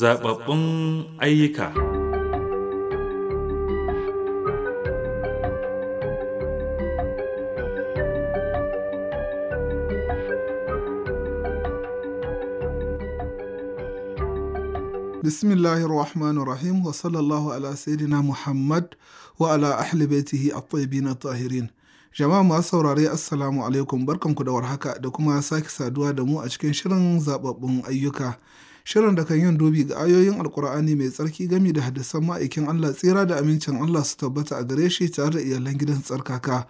zababbun ayyuka bismillahi rahmanir rahim wa sallallahu ala sayyidina muhammad wa ala ahli baitihi at-tayyibin tahirin jama'a masu saurare assalamu alaikum barkanku da warhaka da kuma sake saduwa da mu a cikin shirin zababbun ayyuka shirin da kan yin dubi ga ayoyin alkur'ani mai tsarki gami da hadisan ma'aikin Allah tsira da amincin Allah su tabbata a gare shi tare da iyalan gidan tsarkaka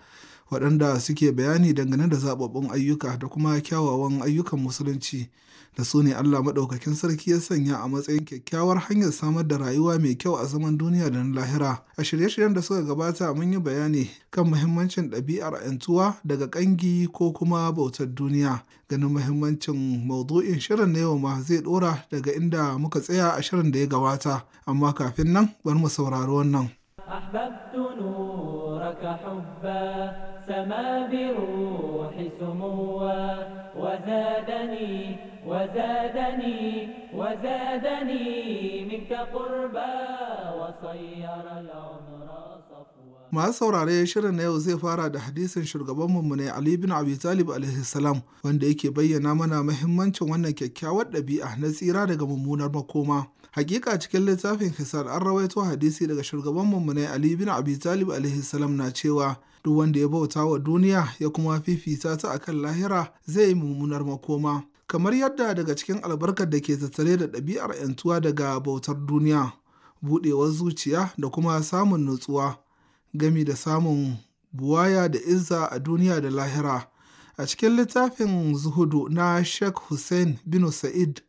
waɗanda suke bayani dangane da zaɓaɓɓun ayyuka da kuma kyawawan ayyukan musulunci da su ne Allah maɗaukakin sarki ya sanya a matsayin kyakkyawar hanyar samar da rayuwa mai kyau a zaman duniya da na lahira. A shirye-shiryen da suka gabata mun yi bayani kan mahimmancin ɗabi'ar ‘yantuwa daga ƙangi ko kuma bautar duniya. Ganin mahimmancin maudu'in shirin na yau ma zai ɗora daga inda muka tsaya a shirin da ya gabata. Amma kafin nan bari mu saurari wannan. سما بروح سموا وزادني وزادني وزادني منك قربا وصير العمر masu saurare shirin na yau zai fara da hadisin shugaban ne Ali bin Abi Talib alaihi salam wanda yake bayyana mana muhimmancin wannan kyakkyawar ɗabi'a na tsira daga mummunar makoma hakika cikin littafin hisar an rawaito hadisi daga shugaban mummunai ali bin abi talib alaihi salam na cewa duk wanda ya bauta wa duniya ya kuma fifita ta akan lahira zai yi mummunar makoma kamar yadda daga cikin albarkar da ke tattare da ɗabi'ar 'yantuwa daga bautar duniya buɗewar zuciya da kuma samun nutsuwa gami da samun buwaya da izza a duniya da lahira a cikin littafin zuhudu na sheikh hussein bin sa'id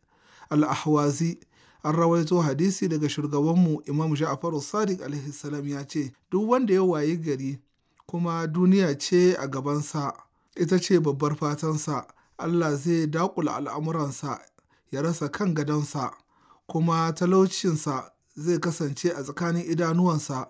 al-ahwazi an rawaito hadisi daga shugabanmu imam ja'faru sadiq alaihi ya ce duk wanda ya wayi gari kuma duniya ce a gabansa ita ce babbar fatansa allah zai daƙula al'amuransa ya rasa kan gadonsa kuma talaucinsa zai kasance a tsakanin idanuwansa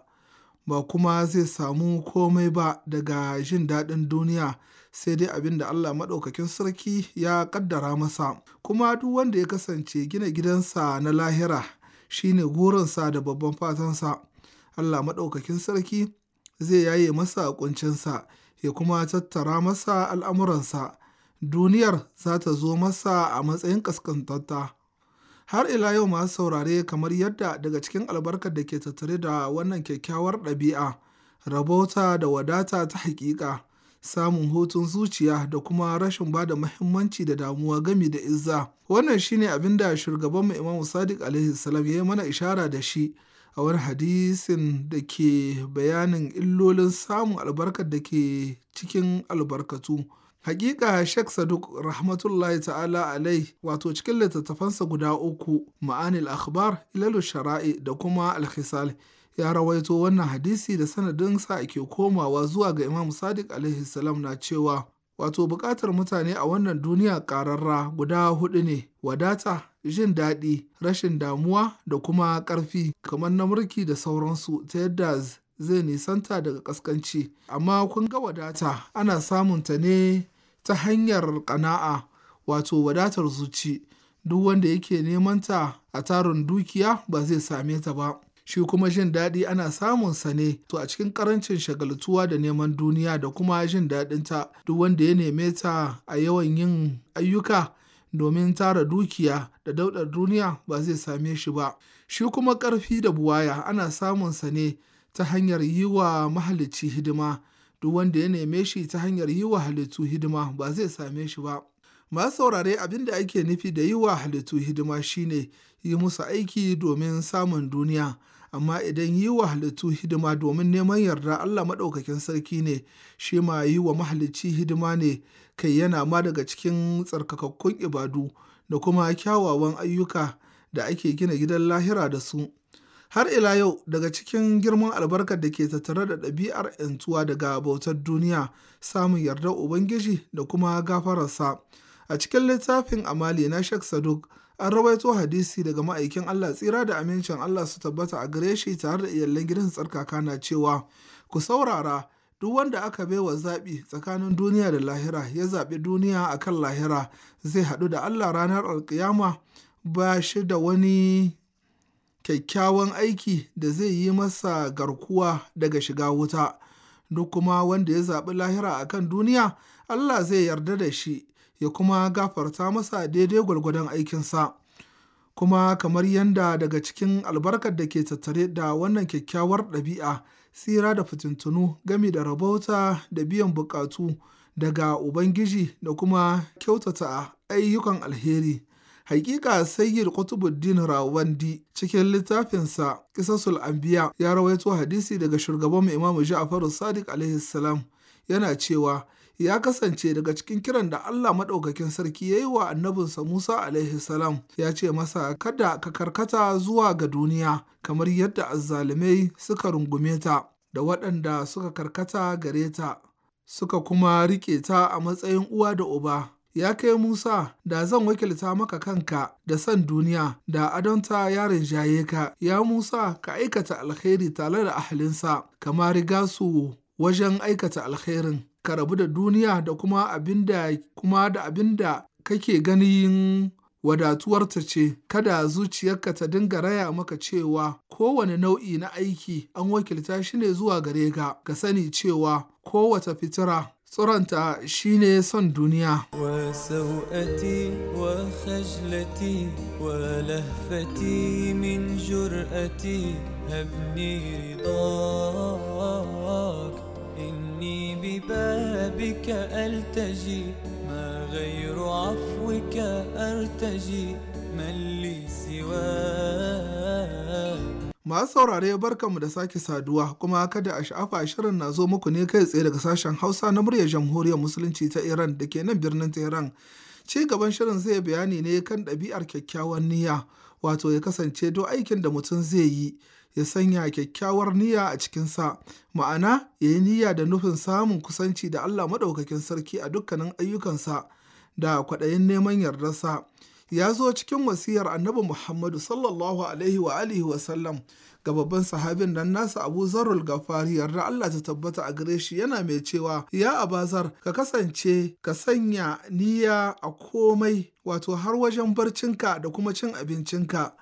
ba kuma zai samu komai ba daga jin daɗin duniya sai dai abin da Allah maɗaukakin sarki ya ƙaddara masa kuma duk wanda ya kasance gina gidansa na lahira shine gurinsa da babban fatansa Allah maɗaukakin sarki zai yaye masa kuncinsa ya kuma tattara masa al'amuransa duniyar za ta zo masa a matsayin kaskantatta Har ila yau masu saurare kamar yadda daga cikin albarkar da ke tattare da wannan kyakkyawar ɗabi'a, rabota da wadata ta hakika samun hutun zuciya da kuma rashin ba da muhimmanci da damuwa gami da izza. Wannan shine abin da mu Imam Sadiq alaihi salam ya yi mana ishara da shi a wani hadisin da ke bayanin illolin samun albarkar da ke cikin albarkatu. Hakika Sheikh Saduk rahmatullahi ta'ala alai wato cikin littattafansa guda uku ma'anil akhbar ilalu shara'i da kuma alkhisal ya rawaito wannan hadisi da sanadin sa ake komawa zuwa ga Imam Sadiq alaihi salam na cewa wato buƙatar mutane a wannan duniya ƙararra guda hudu ne wadata jin daɗi rashin damuwa da kuma ƙarfi kamar na murki da sauransu ta yadda zai nisanta daga ƙasƙanci. amma kun ga wadata ana samun ta ne ta hanyar ƙana'a wato wadatar zuci duk wanda yake neman ta a tarin dukiya ba zai same ta ba shi kuma jin daɗi ana samun sa ne to a cikin karancin shagaltuwa da neman duniya da kuma jin daɗin ta duk wanda ya neme ta a yawan yin ayyuka domin tara dukiya da daudar duniya ba zai same shi ba shi kuma ƙarfi da buwaya ana samun sa ne ta hanyar yi wa mahalicci hidima duk wanda ya neme shi ta hanyar yi wa halittu hidima ba zai same shi ba Ma saurare abin da ake nufi da yi wa halittu hidima shine yi musu aiki domin samun duniya amma idan yi wa halittu hidima domin neman yarda Allah maɗaukakin sarki ne shi ma yi wa mahalicci hidima ne kai yana ma daga cikin tsarkakakkun ibadu da kuma kyawawan ayyuka da ake gina gidan lahira da su. Har ila yau, daga cikin girman albarkar da ke tattare da ɗabi'ar ‘yantuwa daga bautar duniya, samun yardar Ubangiji da kuma gafararsa. A cikin littafin Amali na shek Saduk, an rawaito hadisi daga ma'aikin Allah tsira da amincin Allah su tabbata a gare shi tare da iyalan gidan tsarkaka na cewa, Ku saurara, duk wanda aka baiwa zaɓi tsakanin duniya da lahira ya zaɓi duniya akan lahira zai haɗu da Allah ranar alkiyama ba shi da wani kyakkyawan aiki da zai yi masa garkuwa daga shiga wuta, duk kuma wanda ya zaɓi lahira a kan duniya, Allah zai yarda da shi ya kuma gafarta masa daidai gwargwadon aikinsa. Kuma kamar yanda daga cikin albarkar da ke tattare da wannan kyakkyawar ɗabi'a, tsira da fitintunu gami da rabauta da biyan bukatu daga Ubangiji da kuma kyautata ayyukan alheri. Hakika Sayyid Qutbuddin Rawandi cikin littafinsa Qisasul Anbiya ya rawaito hadisi daga shugaban Imam jafaru Sadiq alaihi salam yana cewa ya kasance daga cikin kiran da Allah maɗaukakin sarki ya yi wa annabinsa Musa alaihi salam ya ce masa kada ka karkata zuwa ga duniya kamar yadda azzalumai suka rungume ta da waɗanda suka karkata gare ta suka kuma riƙe ta a matsayin uwa da uba Ya kai Musa, da zan wakilta maka kanka da san duniya, da adonta ya rinjaye ka, ya Musa ka aikata alkhairi tare da ahalinsa, kama riga su wajen aikata alkhairin, ka rabu da duniya da kuma abinda kuma da abinda kake ganin wadatuwarta ce, kada zuciyarka ta dinga raya maka cewa kowane nau'i na aiki an wakilta shi ne zuwa gare ka, ka sani cewa kowace fitira صرنت شيني صن دنيا وسوءتي وخجلتي ولهفتي من جرأتي هبني رضاك إني ببابك ألتجي ما غير عفوك أرتجي من لي سواك Masu saurare barkanmu da sake saduwa kuma kada a sha'afa shirin na zo muku ne kai tsaye daga sashen Hausa na murya Jamhuriyar Musulunci ta Iran da ke nan birnin Tehran. Ci gaban shirin zai bayani ne kan ɗabi'ar kyakkyawar niyya, wato ya kasance do aikin da mutum zai yi ya sanya kyakkyawar niyya a cikinsa, ma'ana ya yi niyya da nufin samun kusanci da Allah Maɗaukakin Sarki a dukkanin ayyukansa da kwaɗayin neman yardarsa. ya zo cikin wasiyar annabi Muhammadu sallallahu alaihi wa alihi wa ga babban sahabin nan nasa Abu Zarul Gafari yarda Allah ta tabbata a gare shi yana mai cewa ya Abazar ka kasance ka sanya niyya a komai wato har wajen barcinka da kuma cin abincinka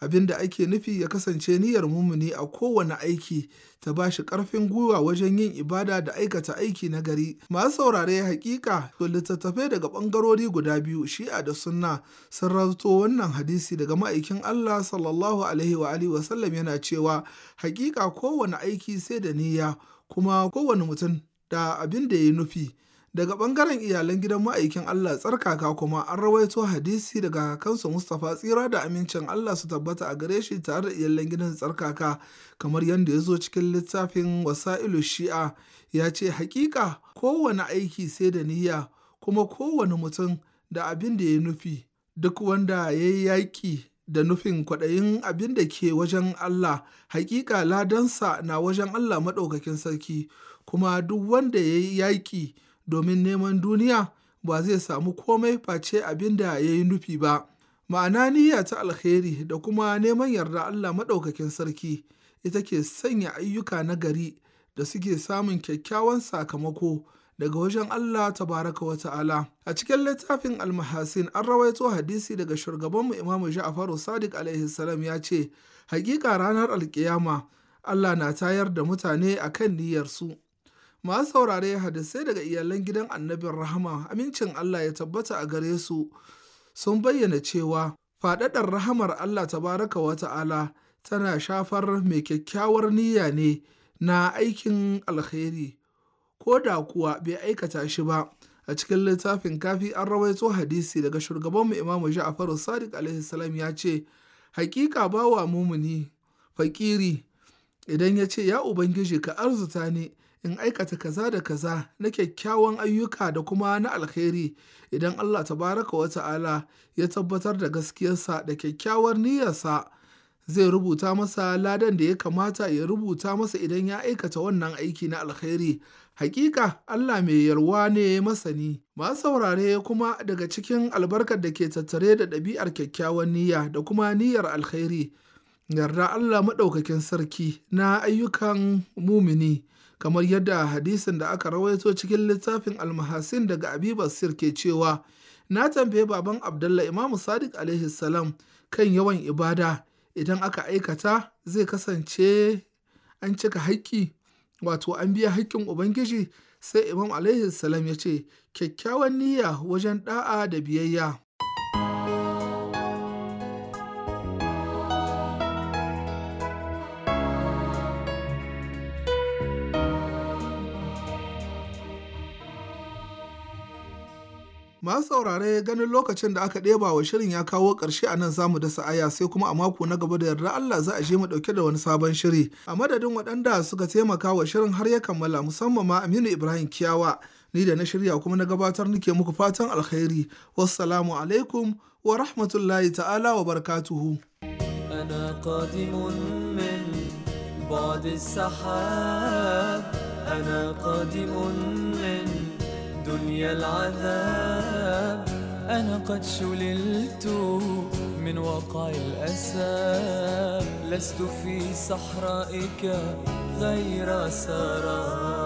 abin da ake nufi ya kasance niyyar mumuni a kowane aiki ta ba shi ƙarfin gwiwa wajen yin ibada da aikata aiki na gari masu saurare hakika to littattafai daga ɓangarori guda biyu shi'a da sunna sun rato wannan hadisi daga ma'aikin Allah sallallahu alaihi wa alihi wa sallam yana cewa hakika kowane aiki sai da niyya kuma kowane mutum da abin da ya nufi Daga ɓangaren iyalan gidan ma'aikin Allah tsarkaka kuma an rawaito hadisi daga kansu Mustapha tsira da amincin Allah su tabbata a gare shi tare da iyalan gidan tsarkaka kamar yadda ya zo cikin littafin wasa'ilu shi'a ya ce hakika kowane aiki sai da niyya kuma kowane mutum da abin da ya nufi duk wanda ya yi yaƙi da nufin kwaɗayin abin da ke wajen Allah hakika ladansa na wajen Allah maɗaukakin sarki kuma duk wanda ya yi yaƙi domin neman duniya ba zai samu komai face abin da ya yi nufi ba. Ma'ana niyya ta alkhairi da kuma neman yarda Allah maɗaukakin sarki ita ke sanya ayyuka na gari da suke samun kyakkyawan sakamako daga wajen Allah tabaraka wa ta'ala. A cikin littafin almahasin an rawaito hadisi daga shugabanmu Imamu ja'afaru Sadiq alaihi salam ya ce, Hakika ranar alkiyama Allah na tayar da mutane akan niyyarsu. masu saurare hadisai daga iyalan gidan annabin rahama amincin Allah ya tabbata a gare su sun bayyana cewa faɗaɗar rahamar Allah tabaraka wa ta'ala tana shafar mai kyakkyawar niyya ne na aikin alkhairi ko da kuwa bai aikata shi ba a cikin littafin kafi an rawaito hadisi daga shugaban mu imamu ja'faru sadiq alaihi salam ya ce hakika bawa mumuni fakiri idan ya ce ya ubangiji ka arzuta ni in aikata kaza da kaza na kyakkyawan ayyuka da kuma na alkhairi idan Allah tabaraka wa ta'ala ya tabbatar da gaskiyarsa da kyakkyawar niyyarsa zai rubuta masa ladan da ya kamata ya rubuta masa idan ya aikata wannan aiki na alkhairi hakika Allah mai yarwa ne masani masu saurare kuma daga cikin albarkar da ke tattare da ɗabi'ar kyakkyawan niyya da kuma niyyar alkhairi yarda Allah maɗaukakin sarki na ayyukan mumini kamar yadda hadisin da aka rawaito cikin littafin almahasin daga abiba sir ke cewa na tambaye baban abdullah imamu sadiq alaihi salam kan yawan ibada idan aka aikata zai kasance an cika haƙƙi wato an biya haƙƙin ubangiji sai imam alaihi salam ya ce kyakkyawan niyya wajen da'a da biyayya Masu saurare ganin lokacin da aka ɗeba wa shirin ya kawo ƙarshe a nan zamu dasa aya sai kuma a mako na gaba da yarda Allah za a je mu ɗauke da wani sabon shiri. A madadin waɗanda suka taimaka wa shirin har ya kammala musamman ma Aminu Ibrahim Kiyawa. Ni da na shirya kuma na gabatar nake muku fatan alkhairi. Wassalamu alaikum wa rahmatullahi ta'ala wa barakatuhu. qadimun min ba'd as-sahab ana qadimun min دنيا العذاب أنا قد شللت من وقع الأسى لست في صحرائك غير سراب